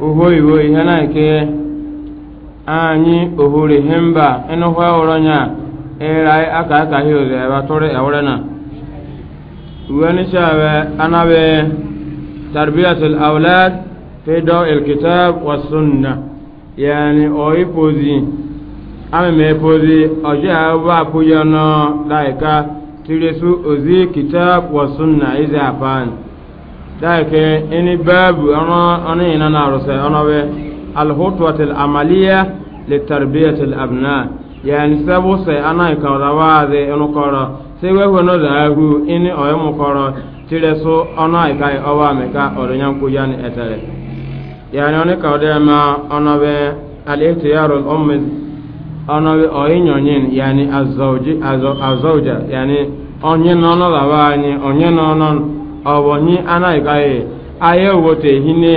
uhoiwo ihe na-eke anyị ohuri himba ịnụkwa ụrọnya ịrai aka aka hi ozi ebe tụrụ ewere na uwe nisha we anabe tarbiyatul aulad fi daw alkitab was sunna yani oyi pozi ami me pozi oje aba puyo no daika tiresu ozi kitab was sunna iza afan dake ini babu ana ana ina na rusa ana we al hutwat al amaliya li tarbiyat al abna yani sabu sai ana ka rawa de ono koro sai we hono da hu ini oyo mu koro tire so ana ka owa me ka oronyan ku yani etere yani ona ka de ma ana we al ihtiyar al umm ana we oyinyonyin yani azawji azawja yani onye nono lawa anyi onye nono ọbọnyi anaghịkwa ya aya obodo ehine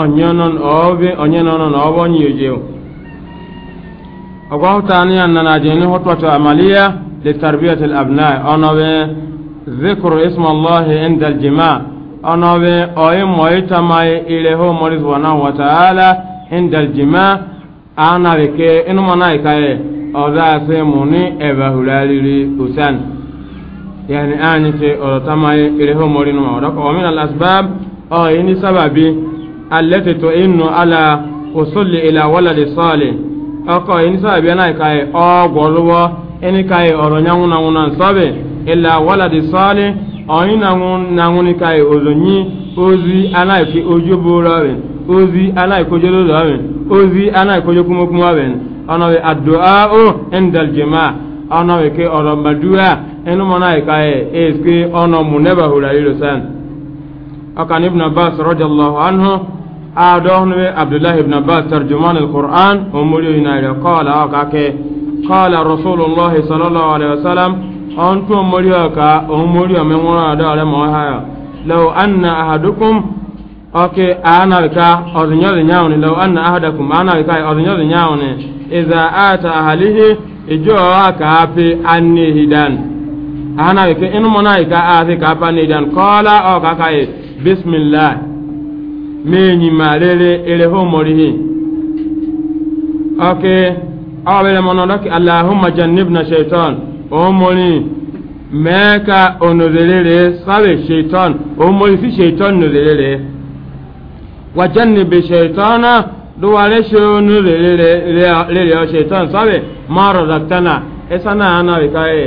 onyenon ọbọnyi oje ọgwahụta anya na na jeni hụtwatụ amaliya لتربية الأبناء أنا ذكر اسم الله عند الجماع أنا أي مويت ماي إليه مريض سبحانه وتعالى عند الجماع أنا بك إنما نايكاي أذا سيموني إبهلالي أسان yani ani ce o tama ire ho mori no ma o min al asbab o ini sababi allati to innu ala usuli ila waladi salih oko ini sababi na kai o goluwo ini kai oro nyangu na nguna sabe ila waladi salih o ina ngun na nguni kai ozonyi ozi ana ki ojubo rawe ozi ana ikojolo rawe ozi ana ikojokumo kumo rawe ona we addu'a o endal jama ona we ke oro madua enu mana ikaye e, eski ono muneba hulalilo san akan ibn abbas radiyallahu anhu adohnuwe abdullah ibn abbas tarjuman alquran omuri inaire qala akake qala rasulullah sallallahu alaihi wasallam ontu omuri aka omuri omenworo adare mo haya law anna ahadukum oke ana ka odinyo nyaawni law anna ahadakum ana ka odinyo nyaawni idza ata ahlihi ijo ana ke inu mona ka azi ka pani dan kola o ka e bismillah me nyi malele ele ho morihi okay awele mona doki allahumma jannibna shaytan o moni meka onozelele sabe shaytan o mori fi shaytan nozelele wa jannibi shaytana duwale shaytan nozelele le le shaytan sabe maro daktana esa na ana ka e.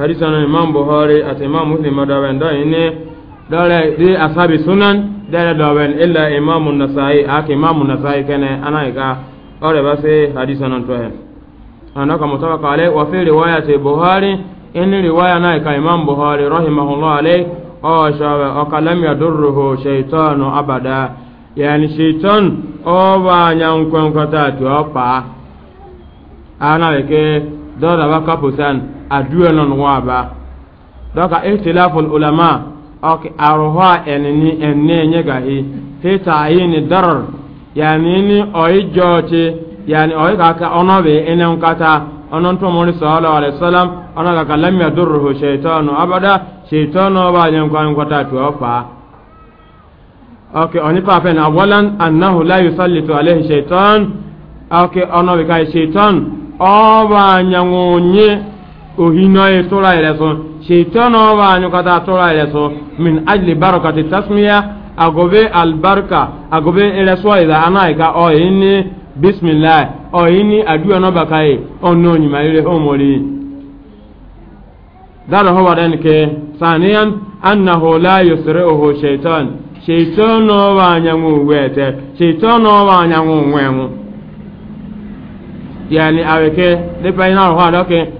hadisa na imam buhari ati imam muslim madawen da ine dare di asabi sunan dare dawen illa imam nasai ake imam nasai kene ana ga ore ba se hadisa nan to hen ana ka mutawaka ale wa fi riwayati buhari in riwaya na ka imam buhari rahimahullah ale o shawa o kalam yadurruhu shaytanu abada yani shaytan o ba nyankon kota to pa ana ke dora ba aduwa non wa ba doka ihtilaful ulama ok arwa enni enne nyega hi fi ta'yin darar yani ni oyi joche yani oyi ka ka ono be enen kata onon to mo sallallahu alaihi wasallam ona ka kalam ya durruhu shaytanu abada shaytanu ba nyen kwa kwata to fa ok oni pa fe na walan annahu la yusallitu alaihi shaytan ok ono be ka shaytan ba nyangonye ohino ohinoye tora yɛrɛ sɔn seitɔnɔ b'a ɲɔgɔnta tora yɛrɛ sɔn min ajili barokati tasmiya a albarka a gobe ɛrɛsɔ yɛrɛ ana yi ka ɔ yi ni bisimilayi ɔ yi ni aduyɔnɔ ba ka ye ɔ n'o ɲuman yɛrɛ o mɔli dala hɔ wadan ke saniyan annahu la yusri'uhu shaytan shaytanu wa nyangu wete shaytanu wa nyangu wengu yani aweke de paina hɔ adoke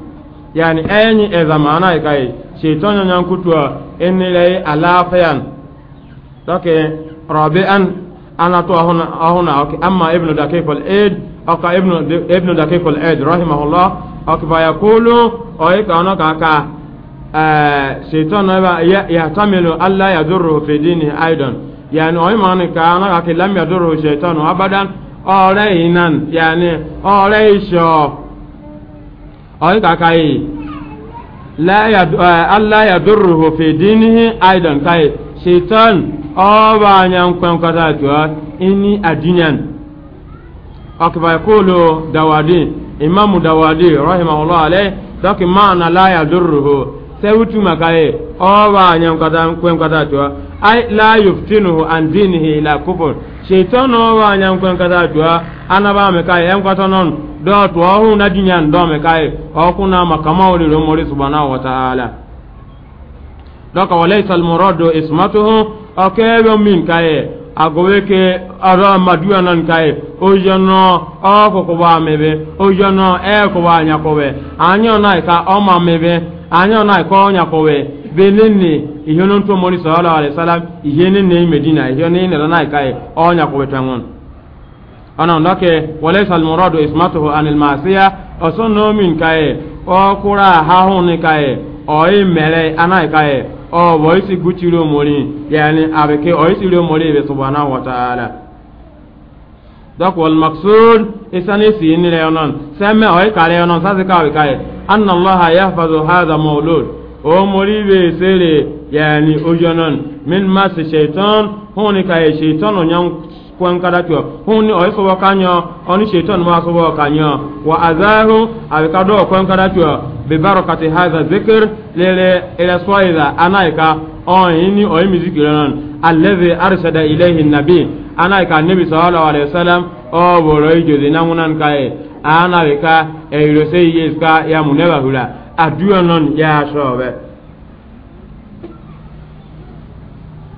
yani enyi e zamana kai shaitan yan kutwa inni lai alafiyan doke rabi'an ana to ahuna ahuna okay amma ibnu dakif al-aid aka ibnu ibnu dakif al-aid rahimahullah aka fa yaqulu ay kana kaka eh shaitan ba ya tamilu alla yadurru fi dini aidan yani ay man kana kaka lam yadurru shaitan abadan ore inan yani ore ọ̀yí kàkà yìí eh, allah ya dúró hofe dínihi aidan kai shaitan ọba anyan kwankwata tuwa ini adinyan ọkìbà kúlò dawadi imamu dawadi rahimahullah alẹ́ dọ́kì maana la ya dúró ho sẹ́wùtù màkà yìí ọba anyan kwankwata tuwa la yuftinuhu an dinihi ila kufur shaitan wa nya nkwen kada dua anaba me kai en kwato non do to hu na dinya ndo me kai o kuna makama wali ro mori subhanahu wa ta'ala doka walaysa al muradu ismatuhu akebe min kai agowe ke ọrụ madua nan kai o jono o ko ko ba mebe o jono e ko ba nya ko be anyo nai ka o ma mebe anyo nai ko nya ko be benini ihonon to moni sallallahu alaihi wasallam ihene ne medina ihene ne rana kai onya ko betangon ana ndake walaysa al muradu ismatuhu anil ma'siya osono min kai o kura ha hun kai o imere ana kai o boisi guchiro moni yani abeke oisiro moni be subhanahu wa ta'ala donc wal maqsud isani sin le onon semme o kare onon sase ka kai anna allah yahfazu hadha mawlud o mori be sele yani ojonon min masi shaitan huni kaye shaitan onyan kwan kadatio huni oyi sobo kanyo oni shaitan ma sobo kanyo wa azahu abikado kwan kadatio bi barakati hadha zikr lele ila swaida anaika oyini oyi mizikironon alladhi arsada ilayhi nabi anaika nabi sallallahu alaihi wasallam o boroi boro ijodi nangunan kaye anabika eirose yeska ya muneba hula aduyonon ya shobe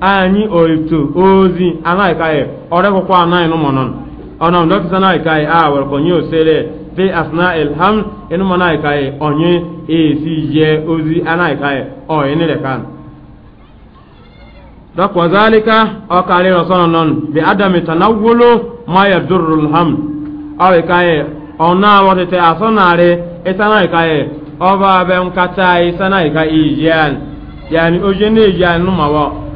anyị oitu ozi anaghị kaghị ọrịakwụkwọ anaghị nụ mọnọn ọnọm dọkịta anaghị kaghị a were ka onye osere fi asna ilham inu mọ anaghị kaghị onye esi je ozi anaghị kaghị ọyị nile kan dọkụ ọzalika ọkarị rọsọnọ nọn bi adam tanawulu ma ya duru ilham ọrị kaghị ọna awọtete asọnarị ịsanaghị kaghị ọba abẹ nkata ịsanaghị ka ijian yani oje na-ejian nụ mawọ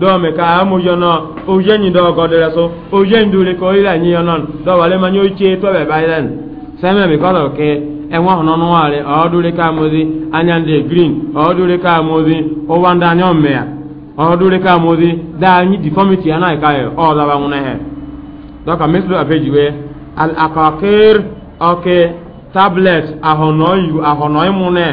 dɔɔme ka amu yɔnɔ ojenyi dɔɔ gɔdɛrɛ so ojenyi duuri ko ila nyi yɔnɔ ma nyɔ tse tɔbɛ bayilan sɛmɛ mi kɔlɔ ke ɛŋɔ hɔnɔnɔ waare ɔɔ duuri ka mozi anyande green ɔɔ ka mozi owanda nyɔ mɛya ka ana ka misiri al tablet yu ana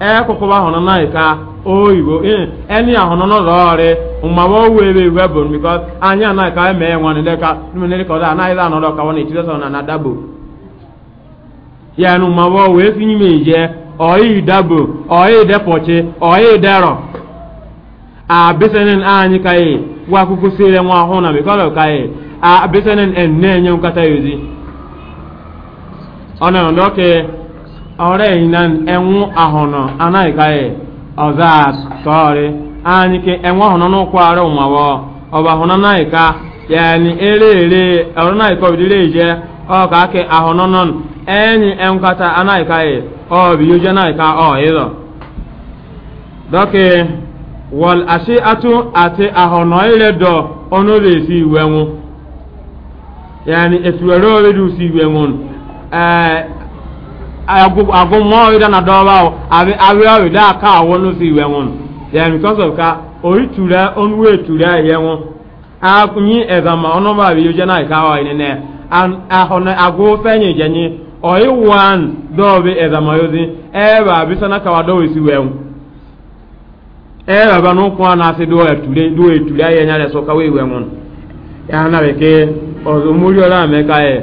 ekụkụba hụnanaika oyibo e, eni ahụnọnọrọọrị mmawa owu ebe iwu ebụrụ bikọs anyị anaghịka emee nwanị dịka mmiri ka ọ dị anaghịza anọ kawa na echizọsọ na na dabo ya na owu nye m ọyị dabo ọyị ọyị anyị ka ị gwa siere nwa ọhụụ na bikọrọ ka ị abisenen en na-enye nkata na Ọrịa inan enwu ahụnọ anaghị kaghị ọza tọọrị anyị ke ẹnwụ ahụnọ n'ụkwụ arụ ụmụawọ ọba ahụnọ anaghị ka yani ere ere ọrụ anaghị ka ọbidire eje ọka ake ahụnọ nọn ẹnyi ẹnkata anaghị kaghị ọbi yoje anaghị ka ọ ịlọ dọkị wọl asị atụ ati ahụnọ ire dọ ọnụ ụlọ esi iwe nwụ yani esuwere dị si iwe nwụ eh, agụmọ ida na dọba o awịa ida aka awọ n'ofe iwe nwụnụ ya because of ka oyi tura onu wee tura ihe nwụ akunyi ezama ọnụma abịa yoje na ika ọ ịnene ahụ na agụ fenyi jenyi oyi wan dọbi ezama yozi ebe abisa na kawa dọwa isi wee nwụ ebe aba n'ụkwụ a na-asị dụwa eture dụwa eture ahịa nyere so kawa iwe nwụnụ ya na bekee ọzọ mmiri ọla ameka ya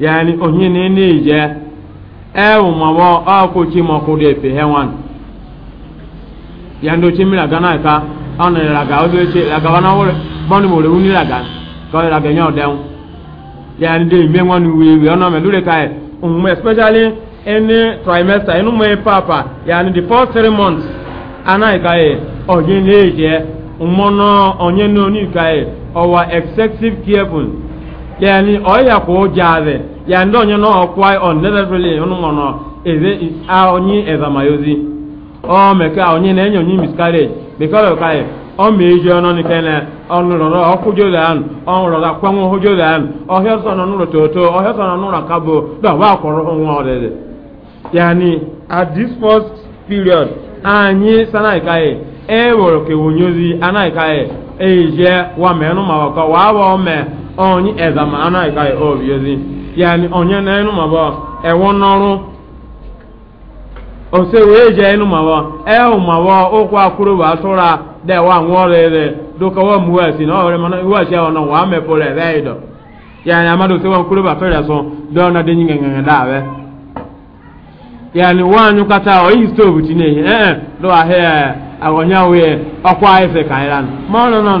yani onye na-ene ije ewu ma ọ ọkụchi ma ọkụ dị epe he nwan ya ndị oche mmiri aga na aka ọ na ịlaga ozi oche agaba na ọhụrụ bọndụ bụ orewu nri aga ka ọ ịlaga nye ọdenwu ya ndị ime nwa n'uwe iwe ọ nọ medụrụ ka omume especially any trimester enu mee papa ya ndị the first three months anaghị ka e, onye na-eje mmụọ onye na onye ka e, ọwa excessive careful yani ọya ko jaade yani do nyono kwa on neda tole onu ngono eze a onyi eza mayozi o me onyi na enyo nyi miscarriage because ka e o me ejo ni kene onu ro ro okujo lan onu ro da o he so no nuro toto o he so no nuro kabo wa ko ro yani at this period anyi sana e woro ke wonyozi anai e wa me no ma wa wa wa me onye ezama anaghịkwa ya obi ezi yani onye na enu ma bụ n'ọrụ ose wee je enu ma ewu ma ụkwụ akwụrụ bụ asụra dewa nwụọrọ ere doka wa mu na ọrịa mana wasi ahụ na wa mepụrụ ebe ịdọ yani amadu ose bụ dị dawe kata stovu tinye ihe ee ahịa ọkwa ka ma ọ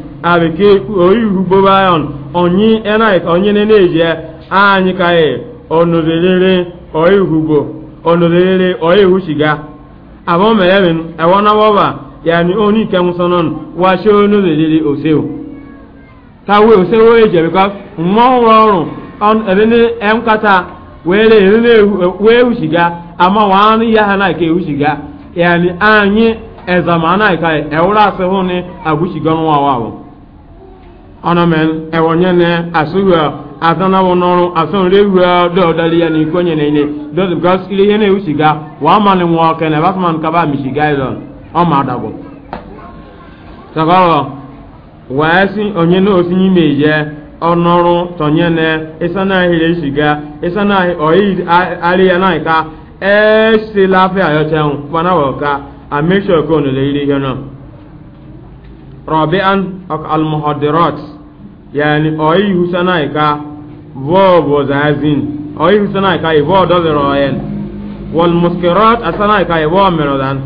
abeke oyihu bobayon onyi enaik onye neneje anyị ka e onozelele oyihubo onozelele oyihu shiga abọ mẹrẹrin ẹwọn nabọba yàni oní kẹmusanan wáṣẹ onozelele ta tawe osewo eje bika mmọnwụ ọrụ ẹdini ẹnkata wẹrẹ ẹdini wẹhu shiga ama ya hana naika ehu shiga yàni anyị ẹzama naika ẹwúrọ asehun ni agushiga nwa wa onomen ewonyene asuwa atana wonoru asun rewa do dali ya ni konye ne ne do because ile yene usiga wa mani wo kene batman kaba mishiga ilon o ma dago sagalo wa asi onye no osinyi meje onoru tonyene isana hire usiga isana oyi ari ya naika e si lafi ayo teun pana wo ka a make sure ko no le ile yenu رابعا المهدرات يعني أي حسنائك فوبو زازين أي حسنائك فوبو دولرين والمسكرات أسنائك فوبو مردان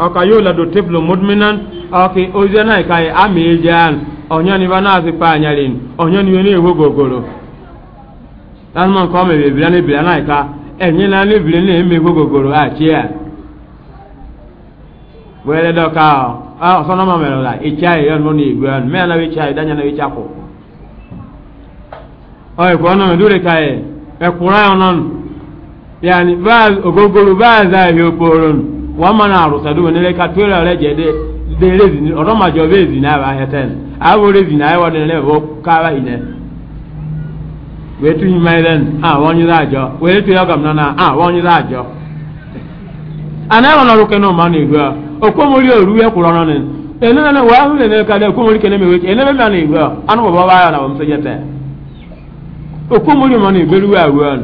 أكا يولد طفل مدمنا أكي أزنائك أميجان أنياني بناسي بانيالين أنياني يني وغوغولو لازم نقوم ببلاني بلانائك أنينا نبلاني مي وغوغولو أشياء ويلدوكاو ah ma me la e chai yo oh, oh, no ni gwa me na we chai danya na we chako oy ko dure kai e kura yani ogogoro wa ne le le de ni ọ̀rọ̀ màjọ bẹ́ẹ̀ zi náà bá hẹ́tẹ́n àwọn rezi náà wọ́n dẹ̀ lẹ́wọ́ káwá yìí nẹ́ wẹ́ẹ́ tún yín máa lẹ́nu àwọn yín láàjọ wẹ́ẹ́ okomori oru ya kurana ne ene na wa na ne ka da okomori kene mewe ene be mane igwa na bamse jete okomori ma ne ya wa wa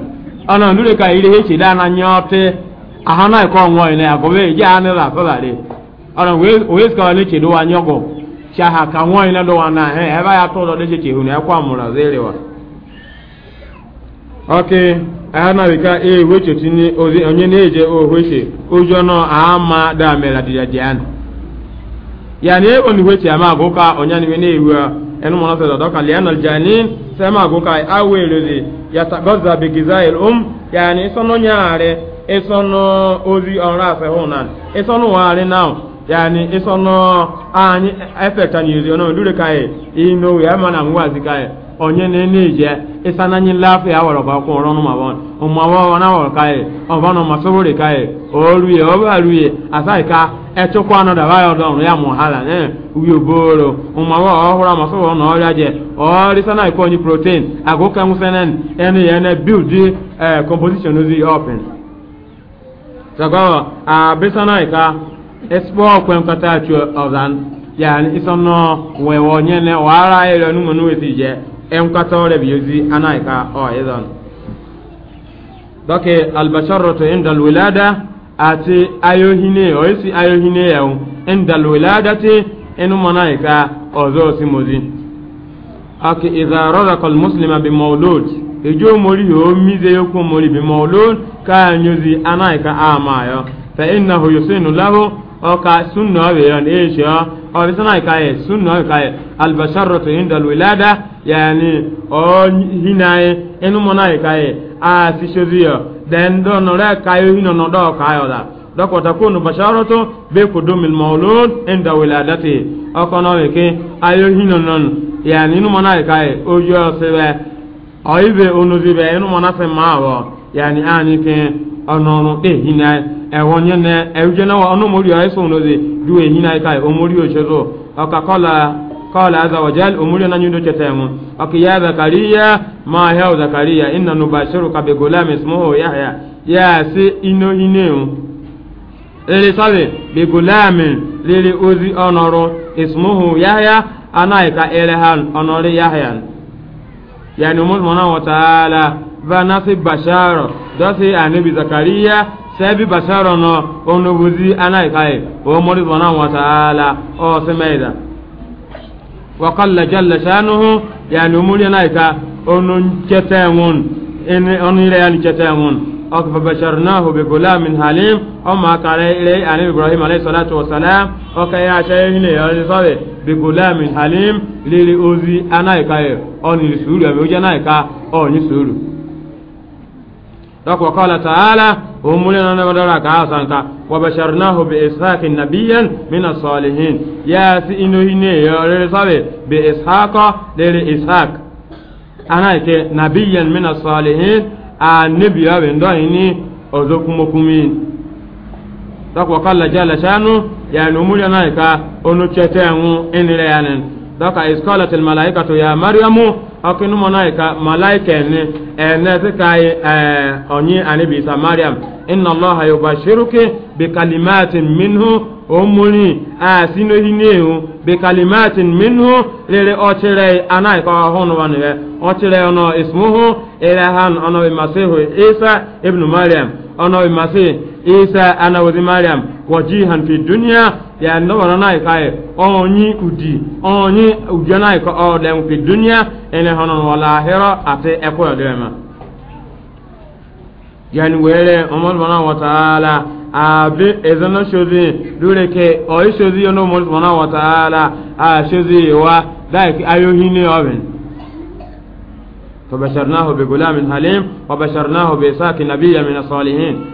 ana ndure ka ile hechi da na nyote ahana ko nwo ene agobe je ane la ko bare ana we we ska le che do wa nyogo cha ha ka nwa ene do wa na he ebe a ya to do de iche hu ne kwa okay ana wika e weche tini ozi onye neje o weche ojo no ama da mela dia dian yani e oni weche ama go ka onya ni ne iwa enu mo nasa doka li anal janin sema go ka awelo di yatagaza bi gizail um yani sono nyare e sono ozi onra fe honan e sono ware now yani e sono anyi effect anyi ozi ono dure kai ino ya mana ngwazi kai onye na ne je isana nyi lafi aworo ba ko ronu ọrụ won o ma wa wona wa kai o ba no ma so re kai e, o ruye o ba ruye asai ka e to kwa no da ba ya ne ubi oboro o ma wa o hura ma ya je o ri nyi protein ago ka mu senen build eh composition ozi open sagawa a besana ka espo enkatore biyozi anaika o idan doke albasharatu inda alwilada ati ayohine oisi ayohine yawo inda alwiladati inu manaika ozo simozi aki idha muslima bi bimawlud ijo mori o mize yoko mori bimawlud ka nyozi anaika amayo fa innahu yusinu lahu o ka sunna weyon esho o bi sana kaye sunna kaye al basharatu inda al wilada yani o hinaye enu mona kaye a si shodiyo den do no re kayo hino no do kayo da dɔkɔ takunu basharatu be kudumil mawlud inda wiladati ɔkɔnɔ be ke ayo hino non yani inu mona kaye o yo sebe o ibe onuzi be yani ani ke ononu de ẹ̀wọ̀nyẹ́ nẹ ẹ̀wùjẹ́ náà ọ̀nà mórí ọ̀hẹ́ sọ̀rọ̀ lóde ju èyí náà ká omórí òṣèlú ọ̀kà kọ́lá kọ́lá azawajal omórí ọ̀nà yóò tẹ̀tẹ̀ wọn ọ̀kì yá zakariya máa hẹ́ ọ̀ zakariya iná nu bashiru kabe golam ismuhu yahya yá sí inú iné wọn. lili sọ́bi bi golam lili ozi ọ̀nọ̀rọ̀ ismuhu yahya anáyíká ẹlẹ́hàn ọ̀nọ̀rí yahya yàni mùsùlùmọ́ náà wọ̀ tààlà vanasi bashar dọ́sí ànibi zakariya sɛbi basara nɔ onobuzi anayi kaye o mori zɔna wata ala o sɛmɛyida wakalla jalla shanuhu yani umuri anayi ka onun cɛtɛŋun ini onu yɛrɛ yani cɛtɛŋun ɔk fa basharnahu bi gulamin halim o ma kare ire ani ibrahim alayhi salatu wasalam o ka ya shaye hine yɔrɔ sɔbe bi gulamin halim lili ozi anayi kaye o ni suru abi o jɛ anayi ka o ni umuli na na badara ka asanka wa basharnahu bi ishaqin nabiyyan min as-salihin ya si ino hine ya rere sabe bi ishaqa lele ishaq ana ke nabiyyan min as-salihin a nabiya ben do ini ozokumokumi takwa kala jala shanu ya no umuli na ka onu chete enwu enire yanen dɔka iskɔlatil malaikatu ya mariamu ɔkinu mɔna ka malaika ni ɛnɛ ti ka eh, ye ɛɛ ɔnyi ani bisa mariam inna allaha yubashiruki bi kalimatin minhu omuni a eh, sino hinehu bi kalimatin minhu lere ɔtirɛ ana ka ɔhunu wani bɛ ɔtirɛ ɔnɔ ismuhu ilahan ɔnɔ bi isa ibnu mariam ɔnɔ bi isa ana wadi mariam wajihan fi dunya ya ndo wana nai kai onyi udi onyi ujana ko o dem fi dunya ene honon wala hira ate eko dema yani wele umar bana wa taala abi ezana shozi dure ke oyi shozi yono umar bana wa taala a shozi wa dai ayo hine oben فبشرناه بغلام حليم وبشرناه بإساك نبيا من الصالحين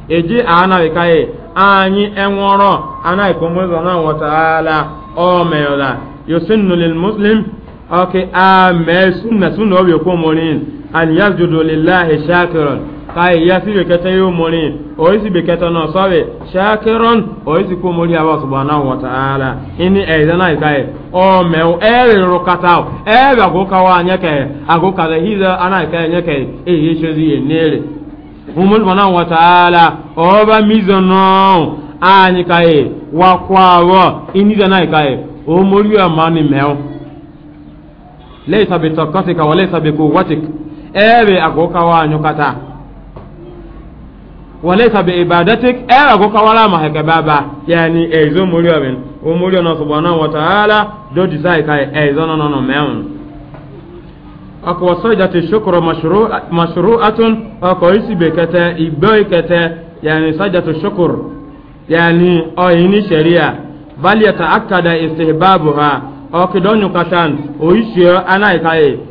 eji anaghị kaghị anyị enwụrọ anaghị kọmụzọ na nwọtala ọ meyọla yosinu lil muslim ọkị ame sunna sunna obi okwu morin an yasjudu lillahi shakiran kai ya si bekata yi mori o isi bekata na sọbe shakiron o isi kwu mori awa subhanahu wa ta'ala ini ẹ̀dá náà ìkáyẹ̀ o mẹ́wọ́ ẹ̀rẹ̀ rọkata ẹ̀rẹ̀ agókawa nyẹ́kẹ̀ẹ́ agókawa híza anáìkáyẹ̀ nyẹ́kẹ̀ẹ́ èyí ṣe zi yẹ humul bana wa ta'ala oba mizono ani kai wa kwawo iniza nai kai o mori amani meo laysa bi taqatika wa laysa bi quwwatik ebe agoka wa nyukata wa laysa bi ibadatik ebe agoka wala ma haka baba yani ezo mori amen o mori na subhanahu wa ta'ala do desire kai ezo no no no meon ako wasajati shukru mashru mashru'atun ako isibe kete igbe kete yani sajatu shukuru yani o ini sharia bal yata'akkada istihbabuha o kidonyu katan o ishiyo anai kai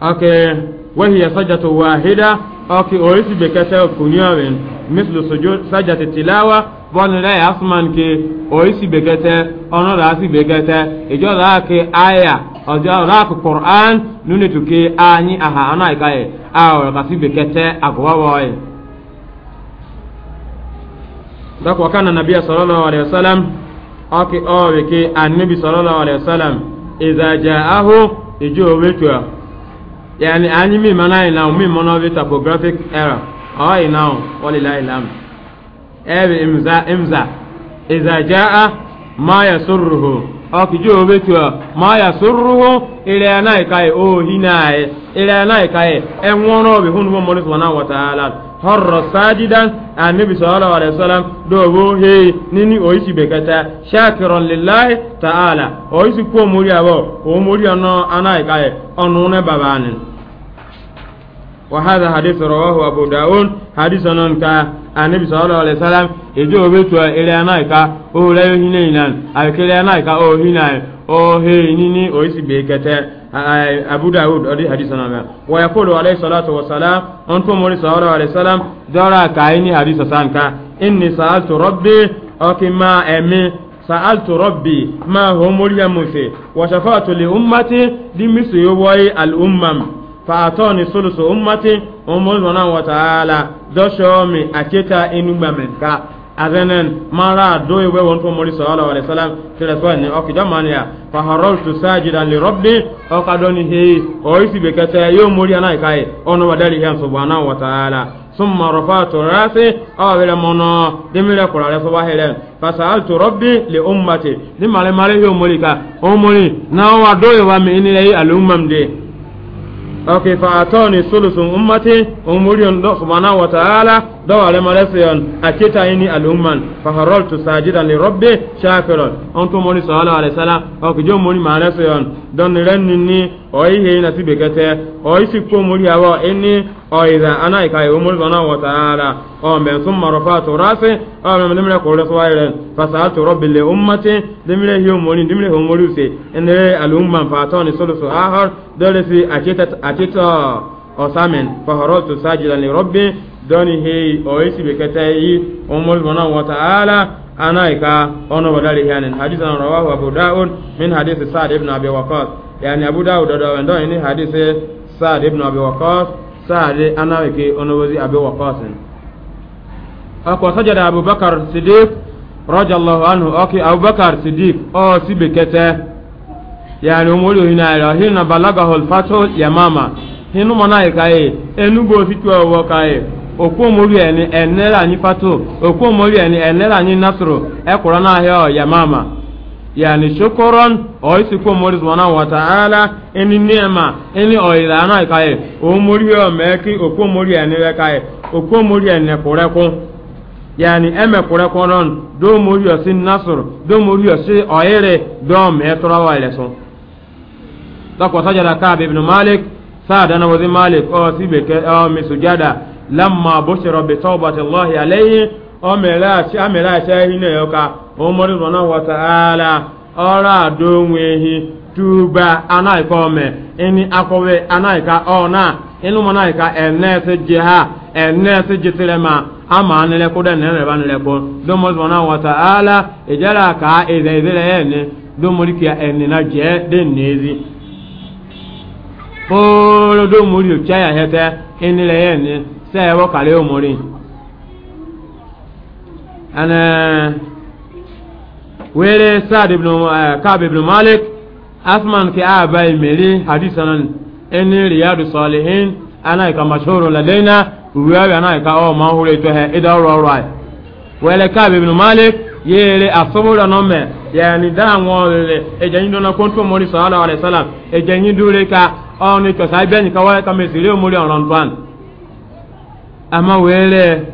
ake wahiya sajatu wahida ake orisi be kete kunyawen mislu sujud sajati tilawa bọ́ọ̀lù rẹ̀ asman ke orisi be kete ọ̀nà rẹ̀ asi be kete ìjọ rẹ̀ ake aya ọjọ́ rẹ̀ ake qur'an nínú tuke anyi aha ana àyíká yẹ awọ̀rọ̀ kasi be kete agọwọ́wọ́ yẹ. dọ́kọ̀ kan na nabiya sallallahu alayhi wa sallam ake ọ̀rẹ́ ke anabi sallallahu alayhi wa sallam ìzàjà ahu ìjọ yani anyi mi mana ina mi mana bi topographic error awa ina wali ilam ebe imza imza iza jaa ma yasurruhu akiji obe tuwa ma ya ile anai kai o hinae ile anai kai enwono bi hunu mo mori subhanahu wa ta'ala harra sajidan annabi sallallahu alaihi wasallam do bo he nini o bekata shakiran lillahi ta'ala o isi ko mori abo أنون بابان وهذا حديث رواه أبو داود حديث أنك النبي صلى الله عليه وسلم يجو بيتوا إلى نايكا أو لا يهينينا أو كلا نايكا أو هنا أو هينيني أو يسي بيكتا أبو داود أدي حديث أنك ويقول عليه الصلاة والسلام أنتم مولي صلى الله عليه وسلم دورا كايني حديث أنك إني سألت ربي أكما أمي sa'altu rabbi ma ho murya muse wa shafa'atu li ummati di misu yoboyi al ummam fa atoni sulusu ummati umul wa ta'ala dosho mi akita inu mamen ka azenen mara doye we won to mori sallallahu alaihi wasallam tere so ne okijo mania fa haraltu sajidan li rabbi o kadoni he o isi be kata yo mori anai kai ono wadari yan subhanahu wa ta'ala summa rafa'tu rasi aw bila mono dimira kula le soba hele fa sa'altu rabbi li ummati dimale male yo mori ka o mori na wa doye wa mi ni ai alumam de ok fa atoni sulusun ummati umuriyon do subhanahu wa ta'ala do wale malesiyon akita ini alumman fa haraltu sajidan li rabbi shakiran on to moni sallallahu alaihi wasallam o ki jom moni malesiyon don renni ni o yi he na sibekete o sikko muri awo ini ọ̀ìdà anáìka ìwòmúlù sọ̀nà wọ̀tàálà ọ̀mẹ̀ tún marọ̀fà tòrásì ọ̀mẹ̀ mímìlẹ̀ kòrò sọ́wọ́ rẹ̀ fàṣà tòrọ bìlẹ̀ ọmọtí dímìlẹ̀ yóò mọ́ni dímìlẹ̀ ọmọlù sí ẹnìrẹ̀ àlùmọ̀ fàtọ́ ní sọ́lọ́sọ́ ahọ́r dọ́lẹ̀ sí àkítọ́ ọ̀sàmẹ̀n fọ̀họ̀rọ̀ tó sájìlá ní rọ́bì dọ́ni hei ọ̀yẹ́sì bẹ̀kẹ́tẹ́ yìí ọmọlù sọ̀nà wọ̀tàálà anáìka ọ̀nà wọ̀dálì hẹ́nin hadith náà rọwà wàbùdáhùn min hadith sáàdì ibn abi wakọ́s yàní abúdáhùn dọ́dọ̀ wẹ̀ndọ́ yìí ní hadith sáàdì ibn abi saade anawe ke onowozi abe waqasin ako sajada abubakar sidik sidiq radiyallahu anhu oke abubakar sidik o sibe kete yani umuri hina ila hina balagahu alfatu ya mama hinu mana ikaye enugo fitwa wo kaye okwu omori eni enere anyị fatu okwu omori eni enere anyị nasoro ekwuru n'ahịa ya mama yani shukuron oisi ko mori subhanahu wa ta'ala eni nema eni oira na kai o mori o meki o ko mori eni re kai o ko mori eni kore ko yani eme kore ko non do mori o sin nasr do mori o si oire do me tora wa ile da ko sajada ka ibn malik sada na wazi malik o sibeke o mi sujada lamma bushira bi tawbati allah alayhi amere acha ehi na ka ụmụrụ nọ n'ọwọtaala ọrụ adọ onwe ehi tuba anaghịkwa ome ịnị akwụwe anaghịka ọna ịnụ mụ anaghịka enesi ji ha ji jitere ma ama anilekwu dị na enreba nilekwu dụmụrụ nọ n'ọwọtaala ijere ka eze ezere ya ene dụmụrụ ka enina jee dị n'ezi kpọọrọ dụmụrụ ya hete ịnile ya ene sị ya ewe kara omori ana uh, were uh, sa'ad ibn uh, ka'b ibn malik asman ke abai meri hadisan en riyadu salihin ana ka mashhurun ladaina ruwa ana ka o oh, ma hure to he ida ro ro ai wele ka'b ibn malik yele asubura no me yani da won le e janyi do na kontu mori sallallahu alaihi wasallam e janyi dure ka on oh, ko sai ben ka wa ka mesiri mori on ron pan ama wele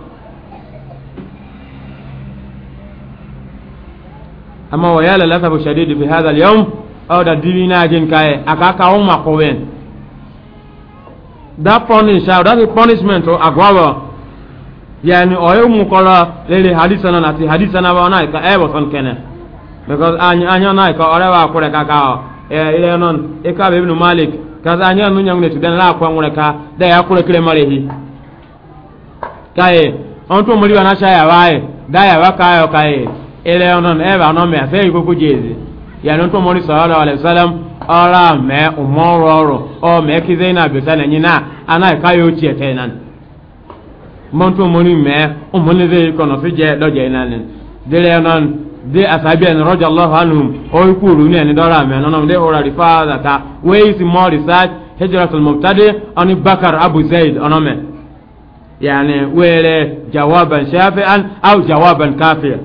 amma wa yala lasabu shadidu fi hadha al-yawm aw da divina jin kai aka ka umma ko wen that punish uh, punishment o agwawo yani oyo lele hadisa na hadisa na ba na ka e eh, bo son kene because anya anya na ka ore wa ka ka e eh, ile non malik ka za anya la ngure ka da hi on to muri wa na sha ya wae da ya wa ka ilẹ̀ ọ̀nà ẹ̀bà ọ̀nà mẹ́ àfẹ́ ìkókó jèèzì yàrá tó mọ́ni sọ̀rọ̀ ọ̀lẹ̀ sọ́lẹ̀m ọ̀rọ̀ mẹ́ ọmọọ̀rọ̀ ọ̀rọ̀ ọ̀mẹ́ kí zẹ́yìn náà bẹ̀sẹ̀ lẹ́yìn náà aná ìka yóò tiẹ̀ tẹ̀ náà mọ́tò mọ́ni mẹ́ ọmọni zẹ́yìn kọ̀nà sí jẹ́ lọ́jà iná ni délẹ̀ ọ̀nà dé àsàbí ẹni rọ́jà lọ́hùn ánùm ọ̀rí kúrú ní ẹni dọ́rọ̀ àmì ọ̀nà dé ọ̀rọ̀ rí fáadàtà wéyìí sí mọ́ research hijratul mubtadi ọ̀ni bakar abu zayd ọ̀nà mẹ́ yàní wẹ́rẹ́ jawaban shafi'an aw jawaban kafir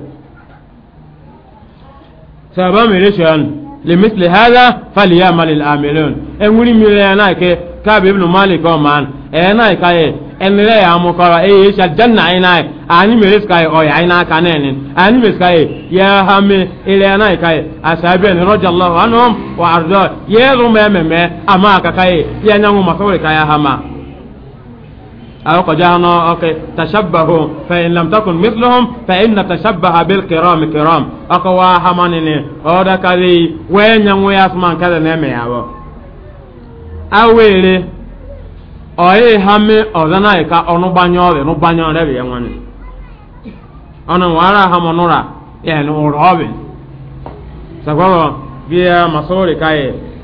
saba mere shan limisli hada falyamal al-amilun enwuri mere yana ke ka be ibn malik o man e na ka ye enre ya mu kara e ye janna ina ani mere sky o ya ina ka ne ni ani mere sky ya hame ama ka ka ye ya nyangu masawri أو قجانا أوكي تشبهوا فإن لم تكن مثلهم فإن تشبه بالكرام كرام أقوى حمانين أو دكالي وين يموي أسمان كذا نمي أو أويلي أي همي أذنا إكا أنو بانيو ذي نو بانيو ذي يمواني أنا وارا همانورا يعني أرابي سأقول بيا مسؤولي كاي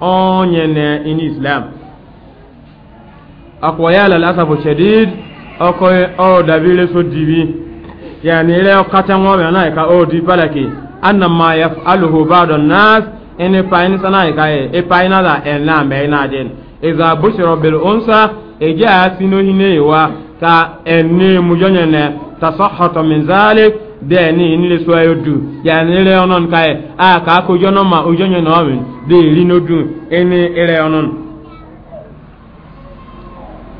onye na in islam akwaya lal asafu shadid oko o dabire so dibi yani ile okata ngome na ka o di balaki anna ma yaf'aluhu ba'du nas ene pain sana e, e e ka e e pain ala en la me na den iza bushra bil unsa a sino hine wa ka enne mujonye ne tasahhata min zalik de ni ni le suwa yo du ya ni le onon kai a ka ko jono ma o jonyo no amen de ri no du eni ere onon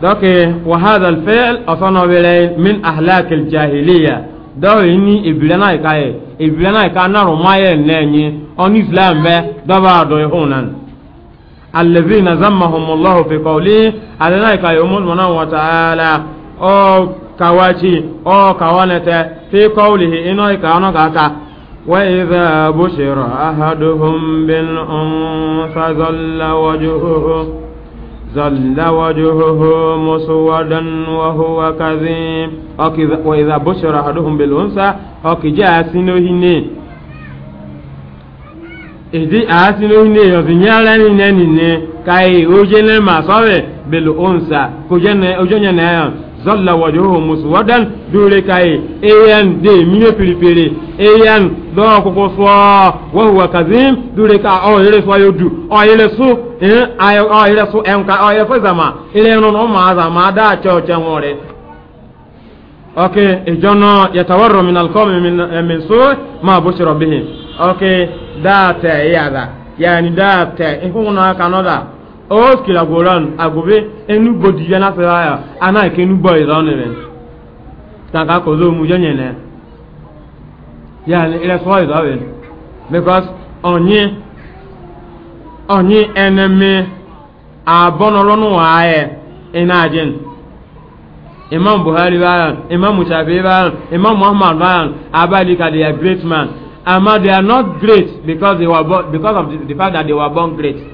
doke eh, wa hadha al fi'l asana bilay min ahlak al jahiliya do ni ibilana kai ibilana ka na ro ma ye nenyi on islam be do ba e do hunan alladhina zammahum allah fi qawli alana kai umul mana wa ta'ala o Kawaji, o kawalete fi qawlihi ino ikano kaka wa idha bushira ahaduhum bil unsa zalla wajhuhu zalla wajhuhu muswadan wa huwa kadhim wa idha bushira ahaduhum bil unsa okija sino hine èdè àásínú ní èèyàn sì ní ara ní nẹ́ni Ujene, ka èyí ó jẹ́ lẹ́mà sọ́rẹ̀ zalla wajuhu muswadan dure kai eyan de mine piripere eyan do ko ko so wa huwa kazim dure ka o oh, yele so yodu o oh, yele so eh ayo o oh, yele so en eh, ka o yele fo zama ile no no ma zama da cho che ngore okay ijono yatawarru min alqawmi eh, min min su ma bushra bihi okay da ta yada yani da ta ihuna kanoda o kira goran agobe enu godi yana fera ya ana ke nu boy ran ne ta ka ko zo mu yenye ne ya ne ila so ida ben because onye onye enemy abon lo aye ina ajin imam buhari bayan imam shafi bayan imam muhammad bayan abalika they are great man amma they are not great because they were born because of the, the fact that they were born great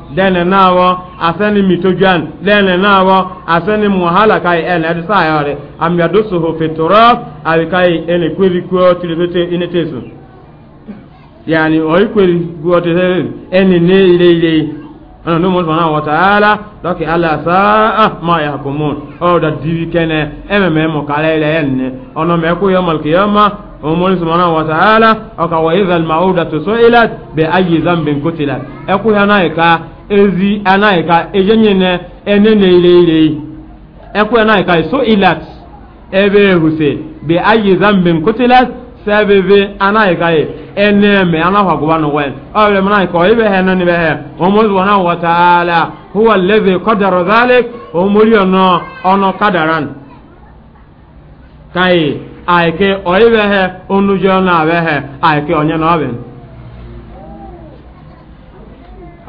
dene nawo asani mitojan dene nawo asani muhala kai ene adisa yare am yadusuhu fi turab al kai ene kweri ko tilbete ene tesu yani oy kweri go te ene ne ile ile ana no mo sona wa taala doki ala saa ah, ma yahkumun o da diwi kene eme me mo kala ile enne ono me ku yomal qiyama omori subhanahu wa ta'ala aka wa idha al-ma'udatu su'ilat bi ayyi dhanbin qutilat aku ezi anaghị ka ejenye na ene na ire ire ekwe anaghị ka so ilat ebe ehuse be ayi zambe nkotilat sɛbebe anayi ka ye ɛnɛmɛ anafa goba nɔgɔɛ ɔbɛlɛ mana kɔ ibe hɛ nɔni bɛ hɛ ɔmɔ zɔnna wɔtaala huwa lɛbi kɔdara zaale ɔmɔri ɔnɔ ɔnɔ kadaran ka ye ayike ɔyi bɛ hɛ na bɛ hɛ ayike ɔnyɛ na ɔbɛn.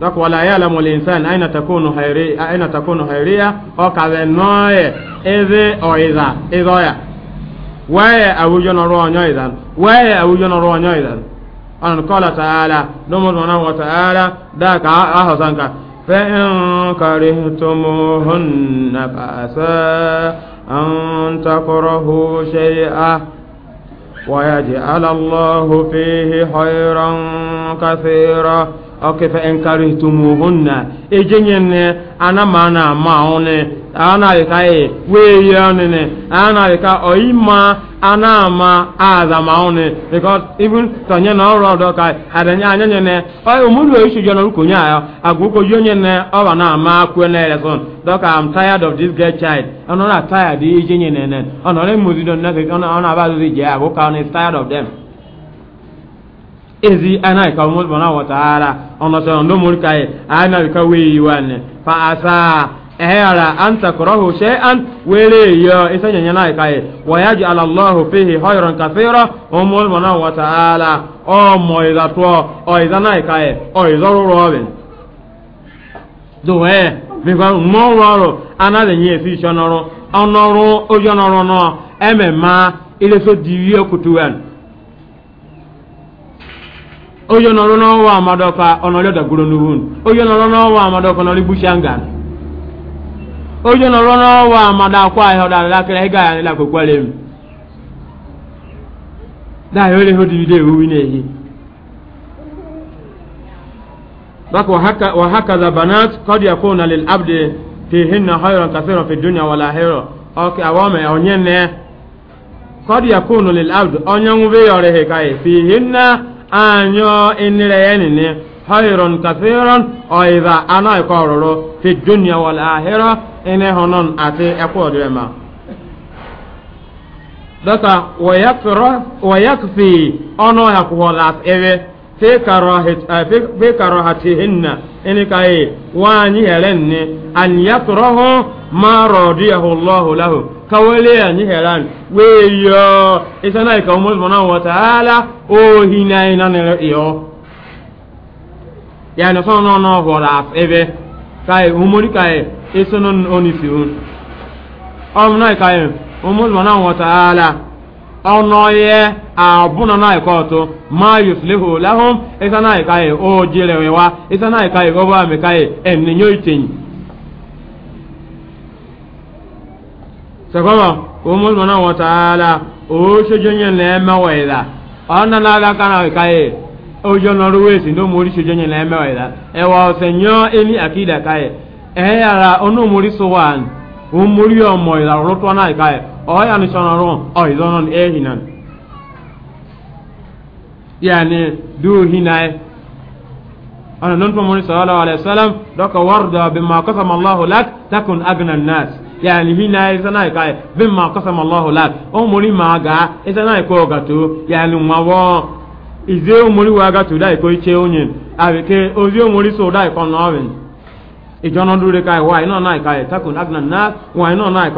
donc wala yalamu linsan aina takunu hayri aina takunu hayriya o kabe noye eze oiza izoya waye awujo no ronyo idan waye awujo no ronyo idan an qala ta'ala dumu dona wa ta'ala da ka ahosanka fa in karihtumuhunna fa asa an takrahu shay'a ويجعل الله فيه خيرا كثيرا oke fa in karihtumuhunna e ne ana mana ma one ana le e ka e we yone ne ana le ka oima ana ma aza ma one because even tonya na do ka adanya anyenye ne o umuru o isu jona ruko nya agugo yonye ne o na ma na do ka i'm tired of this girl child na tired ne ne le na ke ba je agugo ka tired of them ezi ana ka mo bona wa taala ono so ndo mur kai ana ka we yiwan fa asa ehara anta kurahu shay'an wele yo isanya nyana kai wa yaj'al Allah fihi khayran kathira umul bona wa taala o mo ida to o ida na kai o ida ro ben do e mi ba mo ro ana de nyi esi shonoro onoro ojonoro no emema ile so diwi okutuwan onye nọrọ n'ọnwa amadoka ọnọrọ dagoro n'uhun oyo nọrọ n'ọnwa nọrọ n'ọnwa amadakwa ahịa ọdara akịrị ịga ya nila kwekwere m daa ole ho dibido ewuwi n'ehi baka wahakaza banat kod yakuna lil abdi fihinna khayran fi onye lil abdi onye nwube anyo enire yenini hayron kathiran oiza ana iko ororo fi dunya wal ahira ene honon ati ekodrema daka wayakfira wayakfi ono yakuholas ewe fi eh, karahatihinna ini ka ye waani helen ni an yatrahu ma radiyahu allahu lahu ka wele ya ni helan weyo isana ika umu subhanahu wa ta'ala o hina ina ni iyo yani so no no hora ebe ka ye umuri ka ye isono oni fi un omna ka ye umu subhanahu wa ta'ala ono ye abụna na ikoto ma yuslihu lahum isa na ikaye o jire wa isa na ikaye go ba me kaye en nyo ko mo na wa taala o shojo nyen le ma wa ila ona na la kana ikaye o jo no ruwe ndo mori eni akida mori so na ikaye o ya ni sono yani du hinai ana non to moni sallallahu alaihi wasallam doka warda bima qasama Allahu lak takun agna an-nas yani hinai sanai kai bima qasama Allahu lak o moni maga isanai ko gato yani mawo ize na moni waga to dai ko iche wa ino nai kai takun agna an-nas wa ino nai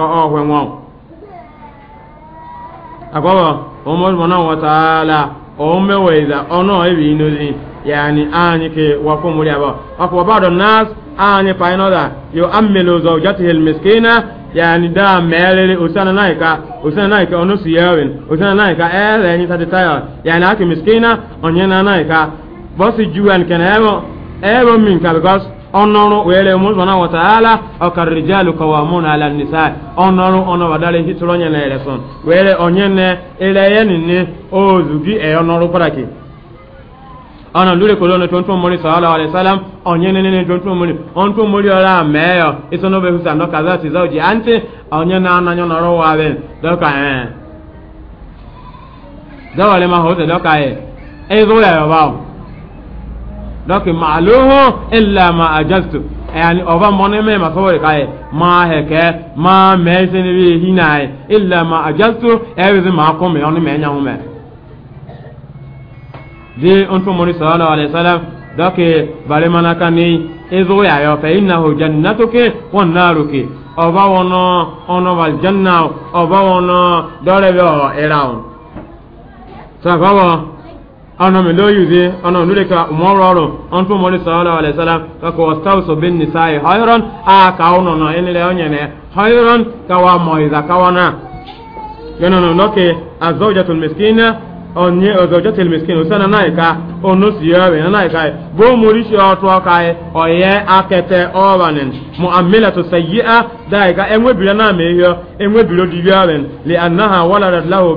ome weza ono ebi inuzi yani anyi ke wakumuli abo ako wabado nas anyi pa inoda yo ammilu zawjatihi almiskina yani da melele usana naika usana naika ono siyawin usana naika ele enyi tatitaya yani aki miskina onyena naika bosi juan kena ebo ebo minka because onoro wele mu subhanahu wa ta'ala aw karijalu qawamuna ala nisa onoro ono wadale hitro nyene ele son wele onyene ele yenini ozugi e onoro paraki ana lure ko lona tonto mori sallallahu alaihi wasallam onyene nene tonto mori onto mori ola meyo isono be husa no kaza ti zauji ante onyene ananyo noro wabe doka eh dawale ma hote doka e eh. ezo ya bawo ma maaluhu illa ma ajastu yani ova mone me ma sawore kaye ma heke ma me maa mee hinaye illa ma ajastu ewizi ma ko me oni me nyawo mee de onto moni sallallahu alaihi wasallam donc bare manaka ni ezo ya yo fe innahu jannatuke wan naruke ova wono ono wal janna ova wono dole be o eraun ana mendo yuze ana nule ka umororo antu mori sallallahu alaihi wasallam ka ko wastausu bin nisa'i hayran a ka ono no ene le onyene hayran ka wa moiza ka wana yana onye azawjatul miskina usana naika ono naika bo shi otu akai e, oye akete owanen muamilatu sayyi'a daika enwe bila na meyo enwe bilo diyawen li annaha waladat lahu